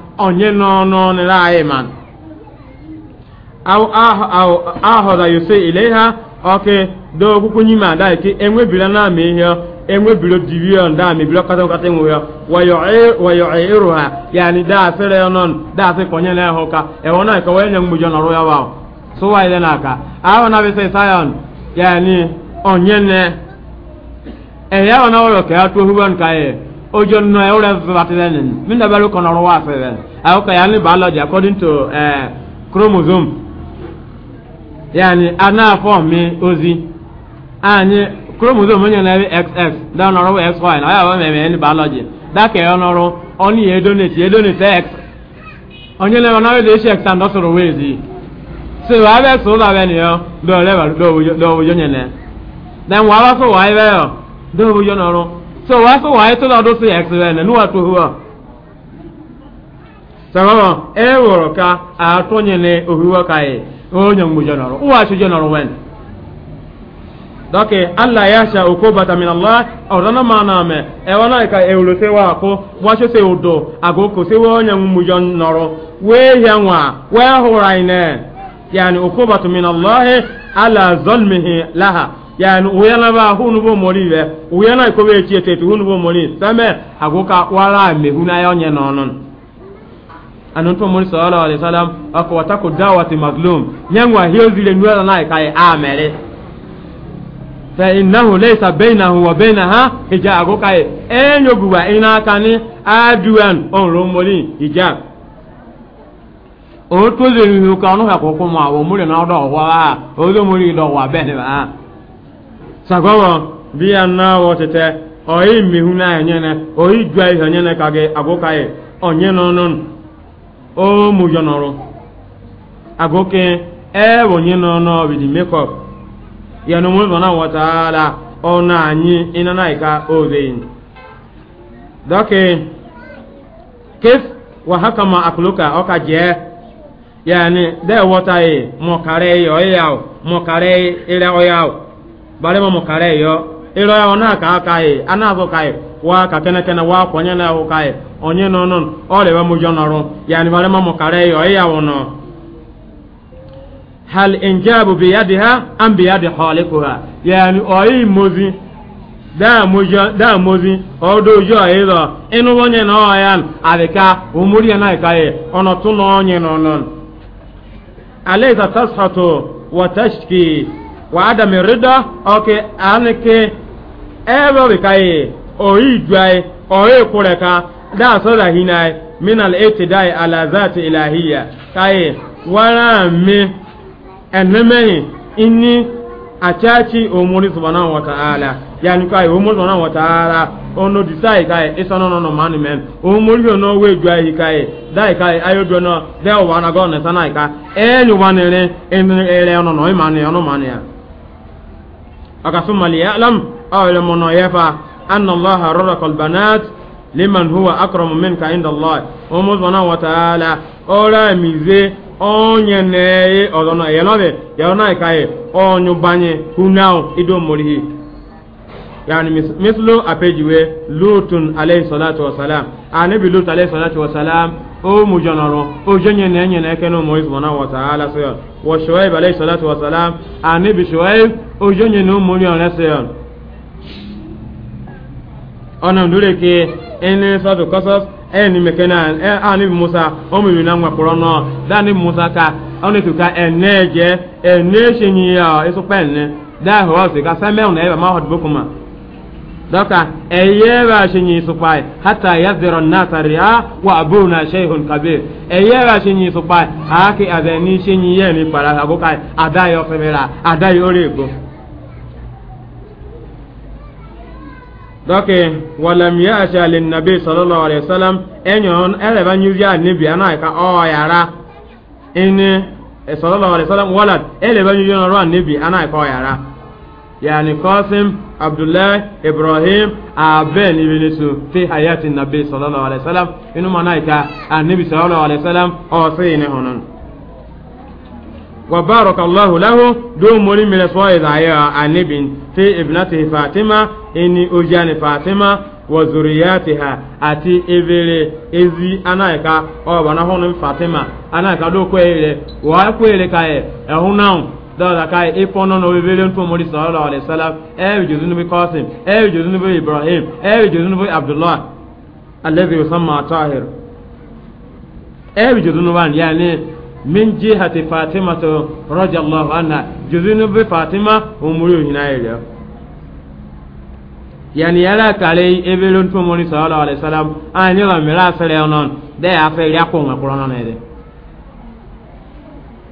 onye n'ọnụ ọnụla anyị man ahọrọ yose ile ha ọkị doo okwukwu nyime ada ike enwebiri na ama ihe enwebiri dirio nda amebiri kata nkata enwe ya wayo ịrụ e, e ha ya ni daa afere ya nọ daa asị konye na ịhụ ka ewe na ike wee nye mgbujọ nọrụ ya wa sụwa ile na aka ahụ na bisa sayon ya ni onye ne eya ọ na ọrịa ka ya tuo huban ka ya ojo no e ore vatelen min da balu kono ro wa fe ka yani biology according to eh chromosome yani ana form me ozi anyi chromosome onye na xx e da no ro xy na ya me me ni biology da ke ono ro oni e donate e donate x onye le na we de x and also we zi so wa be so da be ni yo do le ba do do wo yo wa so wa e be yo do yo no so wa so wa oh, oh, eto eh, eh, do so huwa sababa e ka a to nyene ohuwa kai o nyang mu jonoro wa wen dɔke ala yasa o ko bata min ala ɔrɔna maa naa mɛ ɛwɔ naa ka ewuro se wa ko wɔsi se o do wee yɛ ŋwa wee hura yi nɛ yani uyana ba hunu bo mori be uyana ko be tie tetu hunu bo mori same agoka wala me huna yonye nonon anon to mori sallallahu alaihi wasallam ako watako dawati mazlum nyangwa hiyo zile nywela naye kai amere ah, fa innahu laysa bainahu wa bainaha hija agoka e enyoguwa eh, ina kani aduan onro mori hija o to zeri hu kanu ha ko ko ma wo mori na odo wa o zo mori do wa be ne ba ah. sagọwọ biya na wọtete oyi mihu na enyene oyi jua ihe enyene ka gị agụka ya onye n'ọnụ o mujọnọrọ agụke ebe onye n'ọnụ bidi mekọp ya na omume na wọtala ọnụ anyị ịna na ịka ozeyin dọkị kif wa haka ma akuluka ọka jee yani de wọta ya mọkara ya ọyị ya mọkara ire ọyị ahụ barima mukare yo iro ya ona ka kai e, anazo kai e, wa ka kene kene wa kwanye na ho kai e, onye no no ole ba mujo noro yani barima mukare yo ya wono hal injabu bi yadiha am bi yadi khaliquha yani oyi mozi da mojo da mozi odo jo iro inu wonye na oyan adika umuri na kai ono tun onye no no alaysa tasfatu wa tashki wa adami e rida oke anike ebe bi kai oyi juai oyi ka da so da hinai min al itidai ala zati ilahiyya kai wara mi ennemehi inni achachi omuri subhanahu wa ta'ala yani kai omuri subhanahu wa ta'ala ono disai kai isono no no manu men omuri no we juai kai dai kai ayodo no de wana go ne sanai ka wanere ono akasuma liyalam aw le mono yefa anna allaha raraka albanat liman huwa akramu minka inda allah omo subhanahu wa ta'ala ora mize onye neye odono yenobe yona ikaye onyu banye hunao ido yani mislu apejiwe lutun alayhi salatu wasalam anabi ah, lut alayhi salatu wasalam o mu jonoro o jenye ne nye ne kenu mo ismana wa ta'ala so wa shuaib alayhi salatu wasalam anabi ah, shuaib o jenye no mo ni ona so ona ndure ke ene sadu qasas eni mekena e, anabi ah, musa o mu ni nangwa korono dani musa ka ona tuka eneje eneshenyi ya isu e penne da ho se ka samel na e ma hot bokuma doka eyeba shinyi supai hatta yadhira nasa ria wa abuna shaykhun kabir eyeba shinyi supai haki adani shinyi yeni para agoka adai ofemera adai orego doke walam yasha lin nabi sallallahu alaihi wasallam enyon eleba nyuzi anabi anaika o yara ini eh, sallallahu alaihi wasallam walad eleba nyuzi anabi anaika o yara yani qasim abdullah ibrahim aben ibn su fi hayati nabi sallallahu alaihi wasallam inu manaika annabi sallallahu alaihi wasallam o sayne honon wa barakallahu lahu do mori mi so ida ya annabi fi ibnatihi fatima inni ujani fatima wa zuriyatiha ati evere ezi anaika o bana honon fatima anaika do ko ere wa كويلة ere ka e ehunawun dɔwɔla k'a ye e pɔnɔ na o bɛ wele tó mori sɔrɔ la wale sala ɛ bɛ jɔsi ni bɛ kɔsim ɛ bɛ jɔsi ni bɛ ibrahim ɛ bɛ jɔsi ni bɛ abdullahi ale bɛ yɔsɔn maa tahir ɛ bɛ jɔsi ni bɛ an yanni min ji hati fatima to rɔja allahu na jɔsi ni bɛ fatima o mori o hinɛ yɛlɛ yanni yɛlɛ kale e bɛ wele tó mori sɔrɔ la wale sala an ye lamɛn a sɛlɛ yɔrɔ dɛ y'a fɛ yakɔ ŋa kɔrɔn na yɛrɛ.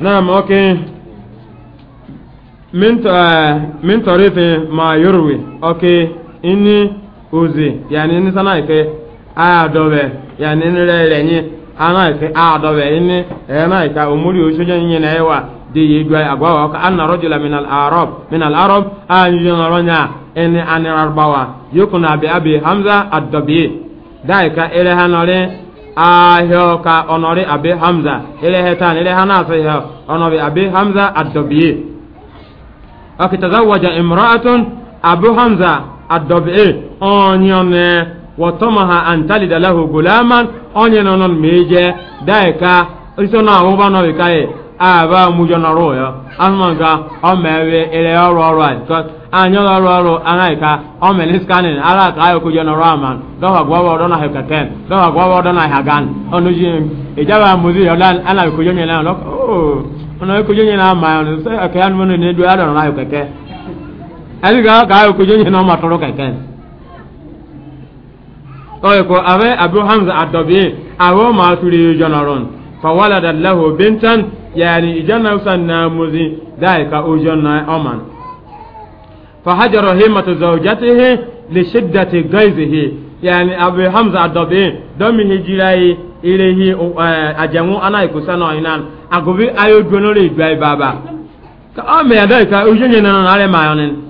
نعم اوكي من من طريق ما يروي اوكي اني اوزي يعني اني سنايك ادوبه يعني اني لرني anaike ادوبه اني انايك اموري اوشوجه ني نايوا دي يغوا اغوا وك ان رجل من العرب من العرب ان ينرنا ان ان الاربعه يكون ابي ابي حمزه الدبي دايكا الهانوري ahio ka onori abi hamza ile hetan ile hana so ihe onobi abi hamza adobiye akitazawaja imra'atun abu hamza adobi. onyone watamaha antalida lahu gulaman onye nonon meje daika isona awuba nobi kaye aba mujọ nọrọ ya anụmanụ ka ọ mewe ele ọrụ ọrụ a because anyị ọrụ ọrụ anaghị ka ọ mere scanning ala ka ayọ kujọ nọrọ ama dọwa gwọwa ọdọ na hekaten dọwa gwọwa ọdọ na hagan ọnụ ji ijaba muzi ya ọdan ana kujọ nye na ọ ọnụ kujọ nye na ama ya ọnụ sị ka ya nụmanụ na-edu ya dọrọ na hekaten ẹni ka ka ayọ kujọ nye na ọma tọrọ kẹkẹn ọyọkọ abẹ abu hamza adọbi awọ ma turi jọ nọrọ fawalada lahu bintan yani ijanna usan na muzi dai ka ujon na oman fa hajara himmatu zawjatihi li shiddati gaizihi yani abu hamza adobe domi hijirai ilehi e, ajamu ana ikusa na inan agobi ayo donore idwai baba ka o me dai ka ujon na na ale mayonin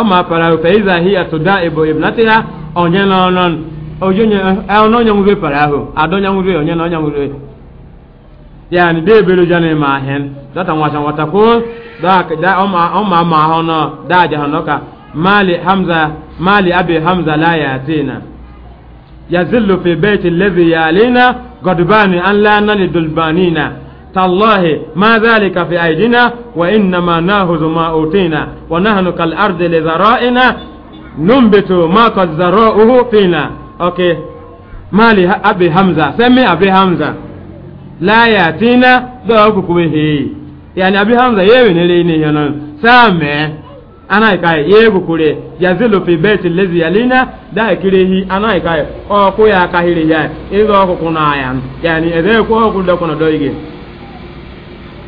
ọma para fa iza hiya tuda ibo ibnatiha onye na ọnọn onye ọnọ onye nwụrụ para ahụ ada onye nwụrụ onye na onye nwụrụ ya ni de belo jana ma hen data ngwasa wata ko da da ọma ọma ma ha no da ja ha noka mali hamza mali abi hamza la yatina yazillu fi baiti alladhi yalina gadbani an la nalidul banina تالله ما ذلك في أيدينا وإنما ناهز ما أوتينا ونحن كالأرض لذرائنا ننبت ما قد ذراؤه فينا أوكي مالي أبي حمزة سمي أبي حمزة لا يأتينا ذوقك به يعني أبي حمزة يبن ليني هنا سامي أنا كاي يبكولي يزيل في بيت الذي يلينا ده كليه أنا كاي أو كويا كاهيري يعني إذا أكو كنا يعني إذا أكو أكو ده كنا دويجي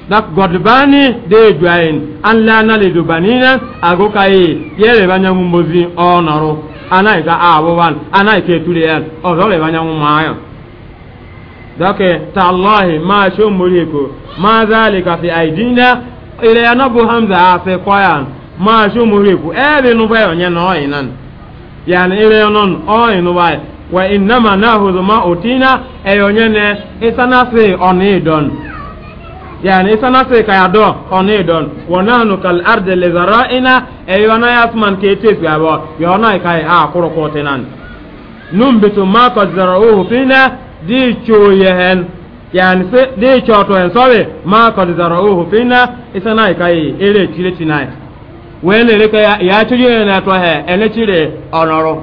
dak godbani de juain an la na le dubanina ago kai yere banya mumbozi onaro anai ga abo wan anai ke tule yan o do le banya mumayo dake tallahi ma shumuriko ma zalika fi aidina ile anabu hamza afe kwayan ma shumuriko ebe nu bayo nya no inan yani ile non o inu bayo wa innama nahudhu ma utina eyonyene isanasi onidon yani na se kaya do one don wana no kal arde le ina e wana yasman ke tes gabo yona kai a kuro ko tenan num bitu ma ka zarauhu fina di choye hen yani se di choto en sobe ma ka zarauhu fina isana kai ele chire tinai wele le kaya ya chuje na to he ele chire onoro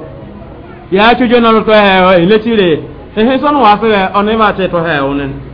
ya chuje na to he ele chire ehe son wa se oneba te to he onen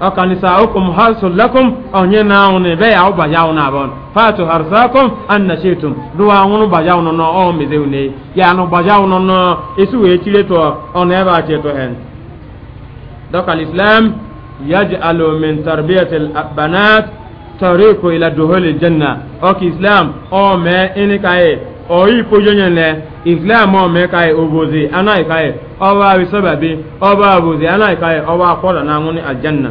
ọkàn nisaakum harsun lakum ọnyẹ naahun ni bẹẹ awo bajaw na bọn faatu harsakum annashetum duwa ŋunu bajaw nɔnɔ ɔn mezew ne yaanu bajaw nɔnɔ esu wee tire tɔ ɔn ɛɛ baa tire tɔ hɛn. dɔkal islam yaj alo tarbiyatil banat tariku ila duhuli janna ɔk islam ɔn mɛ ɛni ka ye ɔyi kojonyɛ lɛ islam ɔn mɛ ka ye obozi ana ka ye ɔba awi sɛbɛbi abozi ana yi ka ye ɔba akɔlɔ naaŋuni aljanna.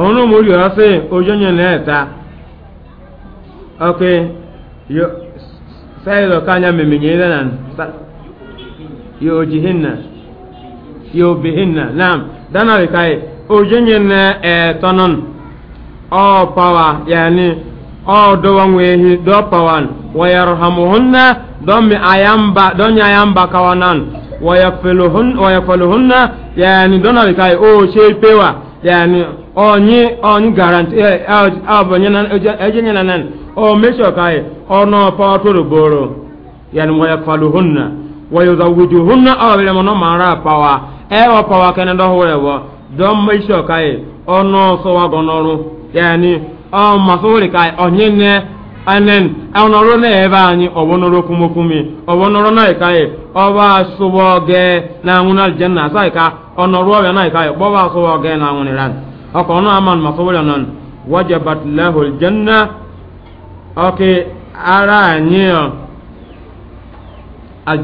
òun ló mórí ọ̀rọ̀ sí ojúnyẹ̀ lẹ́ẹ̀ta ok sẹ́yìn lọ́ka anya mẹ̀mẹ̀nyẹ̀ ilẹ̀ nà yóò jihin nà yóò bihin nà naam dáná rẹ̀ káyé ojúnyẹ̀ nà ẹ̀ẹ́tọ́ nọ́n ọ̀ pàwà yẹni ọ̀ dọ́wọ́n wẹ̀hìn dọ́ pàwà wọ̀yẹ̀rọ̀hàmùhún nà dọ́mi àyàmbá dọ́nyẹ̀ àyàmbá káwọ́ nàn wọ̀yẹ̀fẹ̀lùhún nà yẹni dọ́nà rẹ̀ káyé ó ṣe pé wà yẹni. onye onye garanti eh, eh, abanye na ejenye eh, na nan o mesho kai ono e, pa toro boro yani mo yakfaluhunna wa yuzawijuhunna awele mo no mara pawa e pawa kene do hore wo do mesho kai ono e, so wa gonoru yani o masori kai onye e, ne anen na anyị kumokumi na na ka na na aka ono aman masobula non wajabat lahu aljanna ake ara nyiyo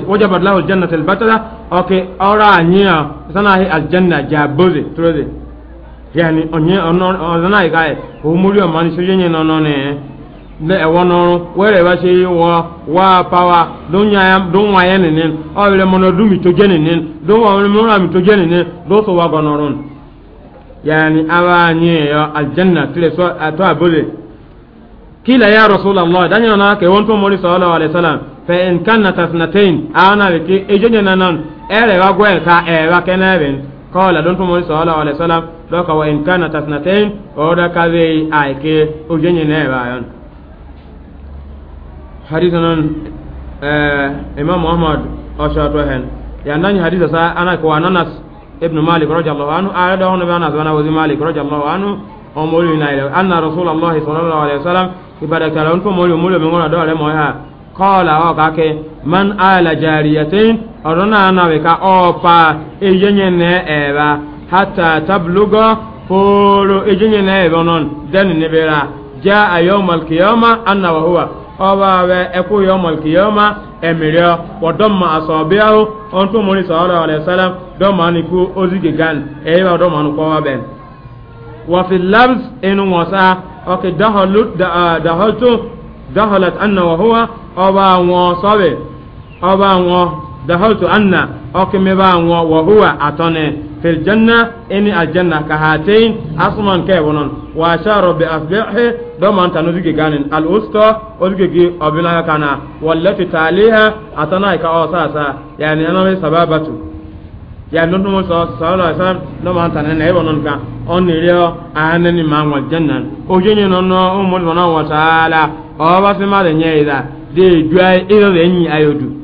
wajabat lahu aljanna albatala ake ara nyiyo sana hi aljanna jaboze troze yani onye ono ona ikai umuri o mani sojenye no no ne eh. ne ẹwọ n'ọrụ wẹrẹ bá ṣe yí wọ wá pàwà dùn wáyé nìní ọ̀rẹ́ mọ̀nà dùn mí tó jẹ́ nìní dùn wọ́n mọ̀nà mi tó jẹ́ nìní ló sọ wá gbọ́nọ̀rún yani awa nyeyo aljanna tile so ato abule kila ya rasul allah danya na ke won to mori sallallahu alaihi wasallam fa in kanna tasnatain ana be ke ejonya nanan ere wa gwe ka e wa keneben qala don to mori sallallahu alaihi wasallam do ka wa in kanna tasnatain o da ka be ai ke ojonya ne ba yon hadithan eh imam muhammad ashatu hen ya nan sa ana ko ananas ibn malik radiyallahu anhu ara da hono bana zana wazi malik radiyallahu anhu o molu na ile anna rasulullah sallallahu alaihi wasallam ibada kala on ko molu molu mi ngona dole mo ha qala o kake man ala jariyatin orona na we ka opa eyenye ne eba hatta tabluga fulu ejenye ne eba non den ne bera jaa yawmal qiyamah anna wa huwa ọba wẹ ẹkú yọ mọlìkì yọ ma ẹmìrì ọ wọdọmọ asọbíàwó ọhún tó múni sọọlọ ọlẹ sẹlẹm dọmọ ni kú ozi gígan ẹyẹ wà dọmọ ni kọ wà bẹn. labs inú wọn sá ọkì dahọltu daholat anna wọ́húwa ọba wọn sọ́bẹ̀ ọba wọn dahaltu anna okimi baanwa wa huwa atone fil janna ini aljanna ka hatain asman ke wonon wa ashara bi asbihi do man tanu dige ganin al usta odige gi obina kana wallati taliha atana ka osasa yani ana sababatu ya nunu mo so sallallahu alaihi wasallam no man tan ne wonon ka on ni reo anani man wal janna o jenye no no umul wa taala o basima de nyeida de juai ilo de nyi ayodu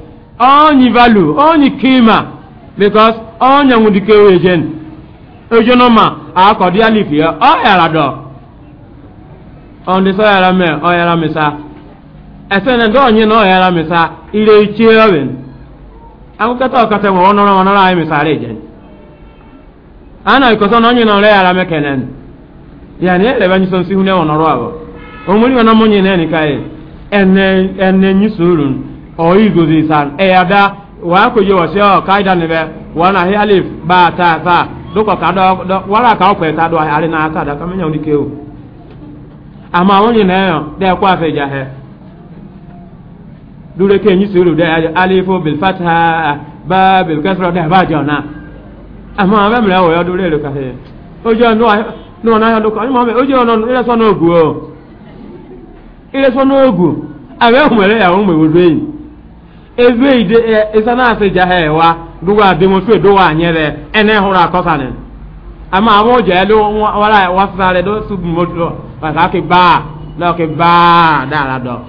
onyi value onyi kima because onye nwudike wejen ejonoma akọdi alifi ya ọ yara dọ ọndị sọ yara mee ọ yara mesa ese na ndị onye na ọ yara mesa ire ichie ọbịn akụkọta ọkata nwe ọnọrọ ọnọrọ anyị mesara ejen a na ikọsọ na onye na ọrịa yara mekenen ya na elebe anyị sọ nsi hụ na ọnọrọ e abụ omuli ọ na mụnye na enika ya e. ene ene nyisuru oyi gozi san e ada wa ko yo se kaida ne be wa alif ba ta fa do ko ka do wala ka ko ta do ari na ka da kamenya ndi ke o ama won ni na de ko afe ja he dure ke nyi suru de alifo bil fatha ba bil kasra de ba na. ama ba mra wo yo dure le ka he o jo no no na yo do ka ma o jo no ile so no o ile so no ogu awe o mere ya o me wo do ide eveide esanase jahewa duga demonstrate do wa anyere ene hura kosane ama abo jelo wala wasale do sub modlo ka ke baa na ke ba da la do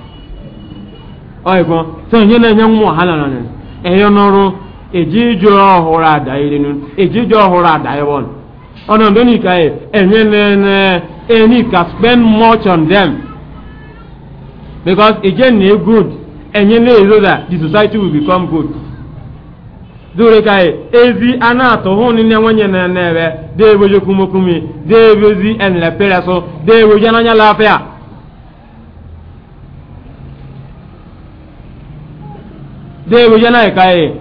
oigo so nyene nyen mu hala na ne eyo noro ejijo hura da irinu ọhụrụ hura da yewon ono ndo ni kai e, enye ne ne any ka spend much on them because again na e good enye na-ezo that the society will become good dore ka ezi ana na-atụ hụ na na na-ebe deeboji okumokumi deebozi enlepere so deeboji ananya lafia deeboji anaghịka ewu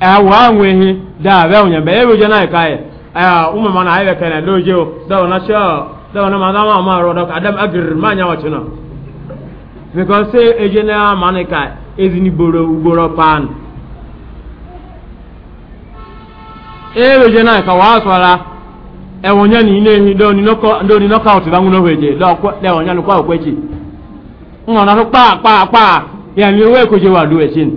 e anweghị dabe onyabe eboji anaghịka e, e ụmụ mana anyị bekere doje dọwọ na shọ dọwọ na ma ama arụ dọka adam agirima anya because say general manika ezinigboro ugboro pan ewe general ka wa aswara ewonya ni ile ni do ni noko do ni knockout ba nguno weje do kwa le wonya ni kwa okwechi ro pa pa pa ya ni we ko je wa do e chin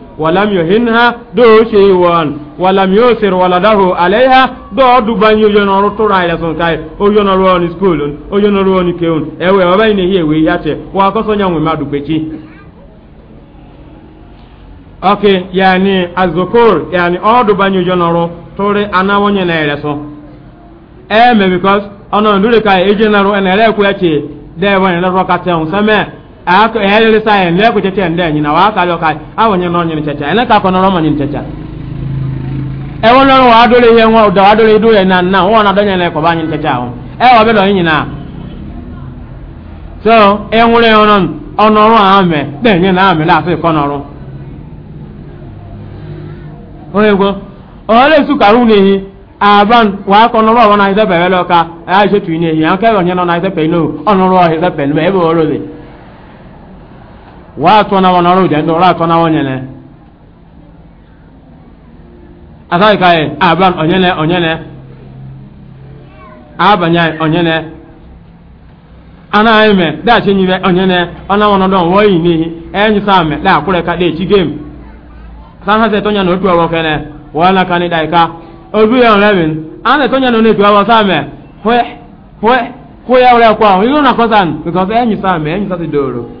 ولم يهنها دو شيوان ولم يسر ولده عليها دو دبان يجنر ترى إلى سنكاي أو ينرون سكول أو ينرون كيون أو وبين هي وياتي وأقصى يوم ما دبتي okay yani azokor yani ọdụ banye ụjọ n'ọrụ tụrụ anawonye na ereso eme bikos na-ere ekwe echi dee wani aka hele sa en le ko tete en nyina wa ka lo ka awo nyina no tete en ka ko no ma tete e wono wa adole ye nwa da adole do na wo na ko ba tete awo e be do na so e ono ono ro ame de ame la ko oye go su karu aban wa ko no na ise be lo ka a se tu ne yi an ro na ise pe no ono ro ise pe no e wa atọ na wọn ọrụ ụdị ndị ọrụ atọ na wọn e nyere asaghị anyị aban onyene onyene abanye onyene anaghị eme daghachi nyibe onyene ọna wọn ọdọ wọ yi n'ihi enyi sa ame da akwụrụ ka da-echi gem san ha seto nya na otu ọrụ kene wọọ na ka ni da ka ozu ya ọrụ ebe a na-eto nya na otu ọrụ sa ame hwe hwe hwe ya ọrụ ya kwa ahụ ihe na kọsan because enyi sa ame enyi sa doro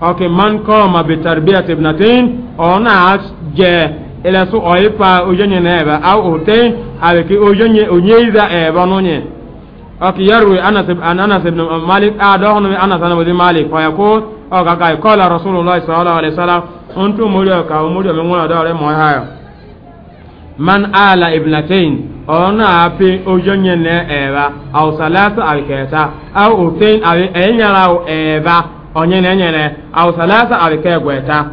ok man koma bi tarbiyati ibnatin ona je ila su oipa ojenye na eba au utain aweki ojenye onyeiza eba nonye ok yarwi anas an anas ibn malik adohnu bi anas ibn malik fa yaqul o ka kai qala rasulullah sallallahu alaihi wasallam untu mulio ka mulio mi ngona dare mo hayo man ala ibnatain ona api ojenye na eba au salatu awiketa au utain awi enyara eba onyene nyene au salasa abike gweta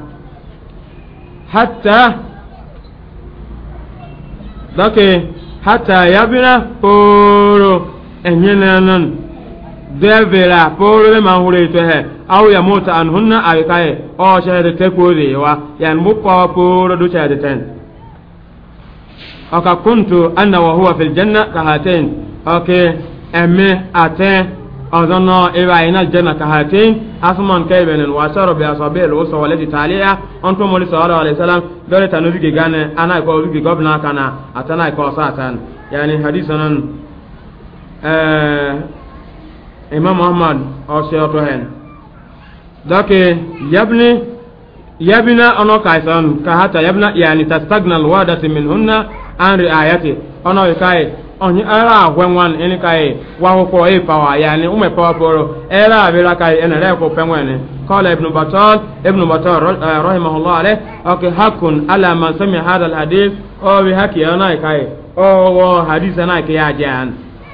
hatta dake hatta yabina poro enyene non devela poro le manhure to he au ya mota an hunna abikaye o shahede tekuri wa yan mukwa poro du shahede ten oka kuntu anna wa huwa fil janna kahatain okay eme aten أظن إبا إن الجنة كهاتين أسمان كيبن وأشار بأصابع الوسطى والتي تاليها أنتم مولى صلى الله عليه وسلم دولة نوفيكي كان أنا يقول قبلنا كان أتنا يقول ساتان يعني حديثنا آه إمام أحمد أو سيوتوهن دوكي يبني يبنى أنا كايسان كهاتا يبنى يعني تستغنى الوادة منهن عن رعايته أنا يكاي onye era agwe nwan ini kai e, wahukwo e pawa yani ume pawa poro era abira kai ene e, re ko penwene qala ibn batal ibn batal eh, rahimahullah alayh okay hakun ala man sami hadha al hadith o bi haki yana kai o wo hadith na ke ya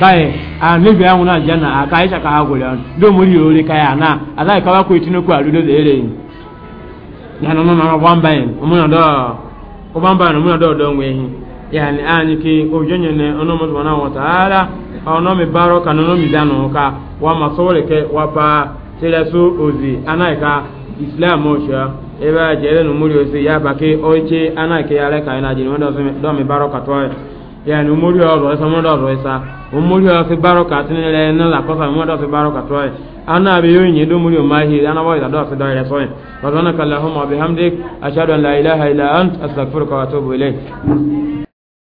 kai a nebi ahụ na aka a ka aisha ka ha gwere ndị omori ori ka ya na adaghị kawa kwa etinye kwa arụdo da ere yi ya na na ọgbamba ya ya ni anyị ke ojo nye ne na wọta ara ọnụ mi baro ka nọ mi ka wa ma sọwọrọ ke wa pa tere ozi ana ka islam ọchịa ebe a jere na ozi ya bake oche anaghị ke ya re ka ya na jiri nwe mi baro ka yani umuri wa ro esa modo ro esa umuri wa fi baraka tin le na la kosa modo fi baraka to ai ana be yo nyi do muri ma hi ana wa da do fi do ile so wa dhanaka allahumma bihamdik ashhadu an la ilaha illa ant astaghfiruka wa atubu ilayk